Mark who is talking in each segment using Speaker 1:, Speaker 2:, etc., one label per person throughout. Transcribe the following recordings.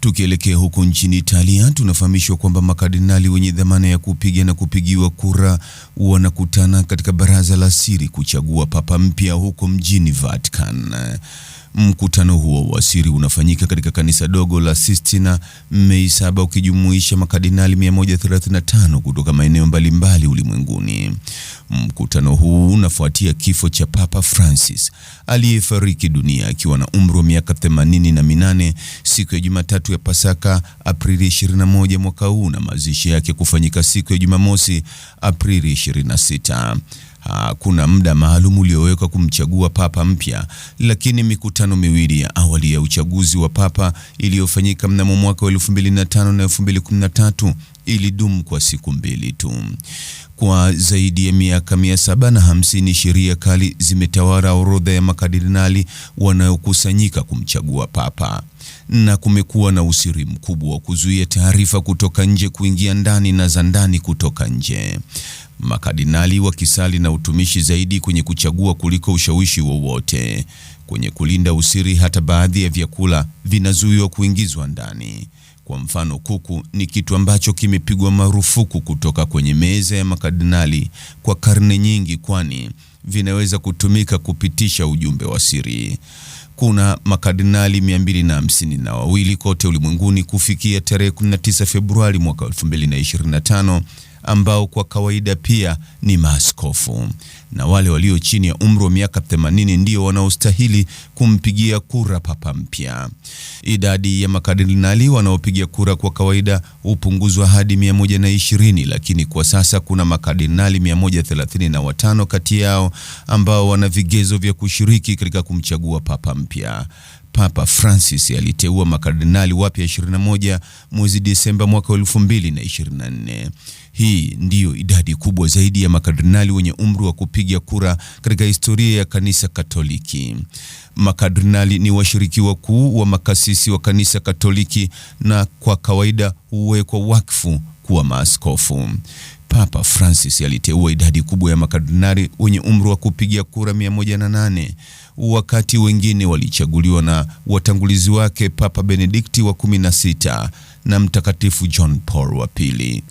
Speaker 1: Tukielekea huko nchini Italia, tunafahamishwa kwamba makardinali wenye dhamana ya kupiga na kupigiwa kura wanakutana katika baraza la siri kuchagua papa mpya huko mjini Vatican. Mkutano huo wa siri unafanyika katika kanisa dogo la Sistina Mei 7 ukijumuisha makardinali 135 kutoka maeneo mbalimbali ulimwenguni. Mkutano huu unafuatia kifo cha Papa Francis aliyefariki dunia akiwa na umri wa miaka 88 siku ya Jumatatu ya Pasaka Aprili 21 mwaka huu na mazishi yake kufanyika siku ya Jumamosi Aprili 26. Hakuna muda maalum uliowekwa kumchagua papa mpya, lakini mikutano miwili ya awali ya uchaguzi wa papa iliyofanyika mnamo mwaka wa 2005 na 2013 ilidumu kwa siku mbili tu. Kwa zaidi ya miaka mia saba na hamsini sheria kali zimetawala orodha ya makadinali wanaokusanyika kumchagua papa, na kumekuwa na usiri mkubwa wa kuzuia taarifa kutoka nje kuingia ndani na za ndani kutoka nje. makadinali wakisali na utumishi zaidi kwenye kuchagua kuliko ushawishi wowote. Kwenye kulinda usiri, hata baadhi ya vyakula vinazuiwa kuingizwa ndani. Kwa mfano, kuku ni kitu ambacho kimepigwa marufuku kutoka kwenye meza ya makadinali kwa karne nyingi, kwani vinaweza kutumika kupitisha ujumbe wa siri. Kuna na 252 kote ulimwenguni kufikia tarehe 19 Februari mwaka 2025 ambao kwa kawaida pia ni maaskofu, na wale walio chini ya umri wa miaka 80 ndio wanaostahili kumpigia kura papa mpya. Idadi ya makardinali wanaopiga kura kwa kawaida hupunguzwa hadi 120, lakini kwa sasa kuna makardinali 135 kati yao ambao wana vigezo vya kushiriki katika kumchagua papa mpya. Papa Francis aliteua makardinali wapya 21 mwezi Desemba mwaka 2024. Hii ndiyo idadi kubwa zaidi ya makardinali wenye umri wa kupiga kura katika historia ya kanisa Katoliki. Makardinali ni washiriki wakuu wa makasisi wa kanisa Katoliki na kwa kawaida huwekwa wakfu kuwa maaskofu. Papa Francis aliteua idadi kubwa ya makardinali wenye umri wa kupiga kura 108 wakati wengine walichaguliwa na watangulizi wake Papa Benedikti wa 16 na Mtakatifu John Paul wa pili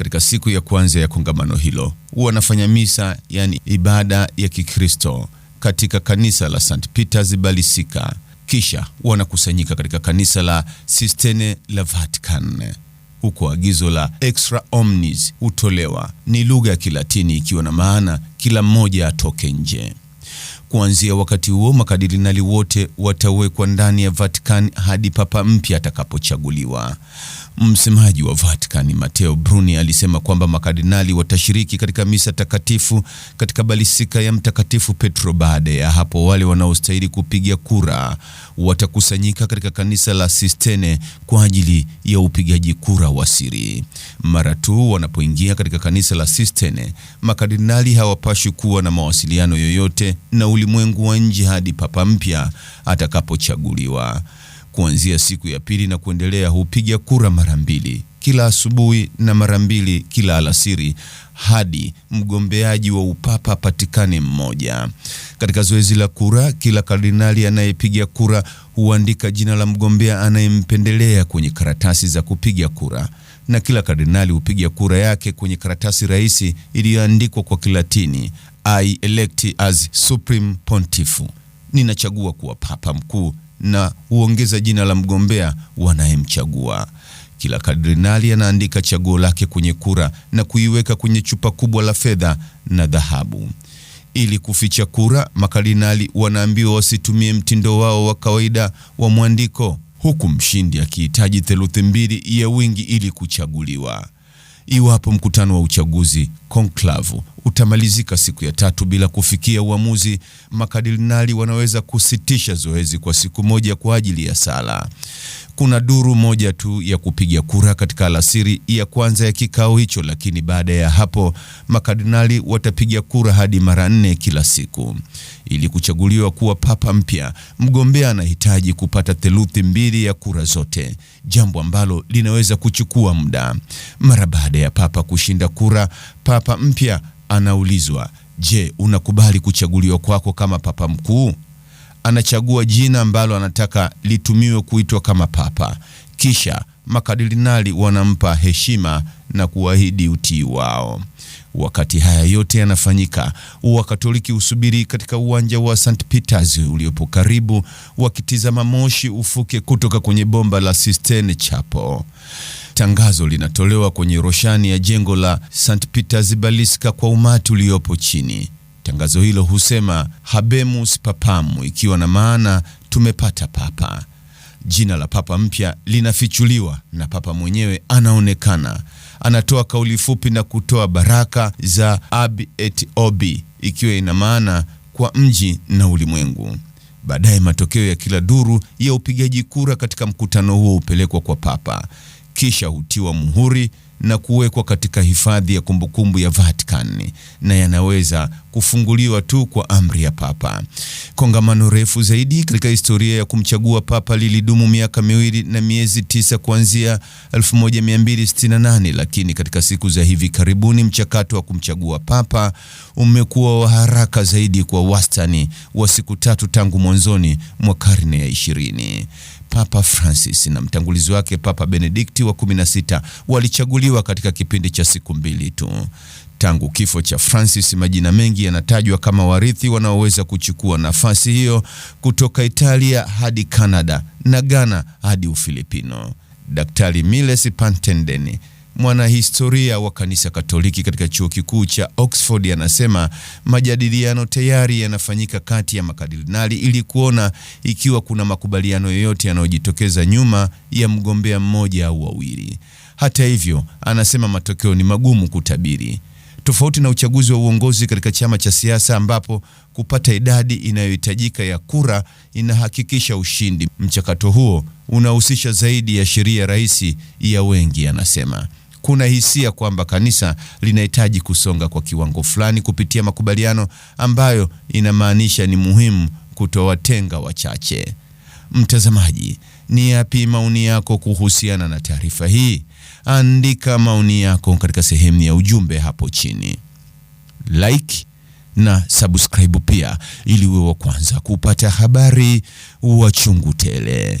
Speaker 1: katika siku ya kwanza ya kongamano hilo wanafanya misa, yani ibada ya Kikristo katika kanisa la St. Peter's Balisika, kisha wanakusanyika katika kanisa la Sistine la Vatican huko agizo la extra omnis hutolewa. Ni lugha ya Kilatini ikiwa na maana kila mmoja atoke nje. Kuanzia wakati huo makadirinali wote watawekwa ndani ya Vatican hadi papa mpya atakapochaguliwa. Msemaji wa Vatican Matteo Bruni alisema kwamba makadinali watashiriki katika misa takatifu katika balisika ya Mtakatifu Petro. Baada ya hapo, wale wanaostahili kupiga kura watakusanyika katika kanisa la Sistine kwa ajili ya upigaji kura wa siri. Mara tu wanapoingia katika kanisa la Sistine, makardinali hawapashi kuwa na mawasiliano yoyote na ulimwengu wa nje hadi papa mpya atakapochaguliwa. Kuanzia siku ya pili na kuendelea hupiga kura mara mbili kila asubuhi na mara mbili kila alasiri hadi mgombeaji wa upapa patikane mmoja. Katika zoezi la kura, kila kardinali anayepiga kura huandika jina la mgombea anayempendelea kwenye karatasi za kupiga kura na kila kardinali hupiga kura yake kwenye karatasi rahisi iliyoandikwa kwa Kilatini, I elect as supreme pontiff, ninachagua kuwa papa mkuu, na huongeza jina la mgombea wanayemchagua. Kila kardinali anaandika chaguo lake kwenye kura na kuiweka kwenye chupa kubwa la fedha na dhahabu. Ili kuficha kura, makardinali wanaambiwa wasitumie mtindo wao wa kawaida wa mwandiko huku mshindi akihitaji theluthi mbili ya wingi ili kuchaguliwa. Iwapo mkutano wa uchaguzi konklavu utamalizika siku ya tatu bila kufikia uamuzi, makardinali wanaweza kusitisha zoezi kwa siku moja kwa ajili ya sala. Kuna duru moja tu ya kupiga kura katika alasiri ya kwanza ya kikao hicho, lakini baada ya hapo makadinali watapiga kura hadi mara nne kila siku. Ili kuchaguliwa kuwa papa mpya, mgombea anahitaji kupata theluthi mbili ya kura zote, jambo ambalo linaweza kuchukua muda. Mara baada ya papa kushinda kura, papa papa mpya anaulizwa, je, unakubali kuchaguliwa kwako kama papa mkuu? Anachagua jina ambalo anataka litumiwe kuitwa kama papa, kisha makadirinali wanampa heshima na kuahidi utii wao. Wakati haya yote yanafanyika, Wakatoliki husubiri katika uwanja wa St. Peters uliopo karibu, wakitizama moshi ufuke kutoka kwenye bomba la Sistine Chapel. Tangazo linatolewa kwenye roshani ya jengo la St. Peter's Basilica kwa umati uliopo chini. Tangazo hilo husema Habemus Papam, ikiwa na maana tumepata papa. Jina la papa mpya linafichuliwa na papa mwenyewe anaonekana. Anatoa kauli fupi na kutoa baraka za Ab et Obi, ikiwa ina maana kwa mji na ulimwengu. Baadaye matokeo ya kila duru ya upigaji kura katika mkutano huo hupelekwa kwa papa kisha hutiwa muhuri na kuwekwa katika hifadhi ya kumbukumbu ya Vatican na yanaweza kufunguliwa tu kwa amri ya Papa. Kongamano refu zaidi katika historia ya kumchagua Papa lilidumu miaka miwili na miezi tisa kuanzia 1268, lakini katika siku za hivi karibuni mchakato wa kumchagua Papa umekuwa wa haraka zaidi, kwa wastani wa siku tatu tangu mwanzoni mwa karne ya ishirini. Papa Francis na mtangulizi wake Papa Benedikti wa 16 walichaguliwa katika kipindi cha siku mbili tu. Tangu kifo cha Francis, majina mengi yanatajwa kama warithi wanaoweza kuchukua nafasi hiyo kutoka Italia hadi canada na Ghana hadi Ufilipino. Daktari Miles Pantendeni mwanahistoria wa kanisa Katoliki katika chuo kikuu cha Oxford anasema majadiliano tayari yanafanyika kati ya makadirinali ili kuona ikiwa kuna makubaliano yoyote yanayojitokeza nyuma ya mgombea mmoja au wawili. Hata hivyo, anasema matokeo ni magumu kutabiri. Tofauti na uchaguzi wa uongozi katika chama cha siasa ambapo kupata idadi inayohitajika ya kura inahakikisha ushindi, mchakato huo unahusisha zaidi ya sheria rahisi ya wengi, anasema kuna hisia kwamba kanisa linahitaji kusonga kwa kiwango fulani kupitia makubaliano ambayo inamaanisha ni muhimu kutowatenga wachache. Mtazamaji, ni yapi maoni yako kuhusiana na taarifa hii? Andika maoni yako katika sehemu ya ujumbe hapo chini. Like na subscribe pia ili uwe wa kwanza kupata habari wa chungu tele.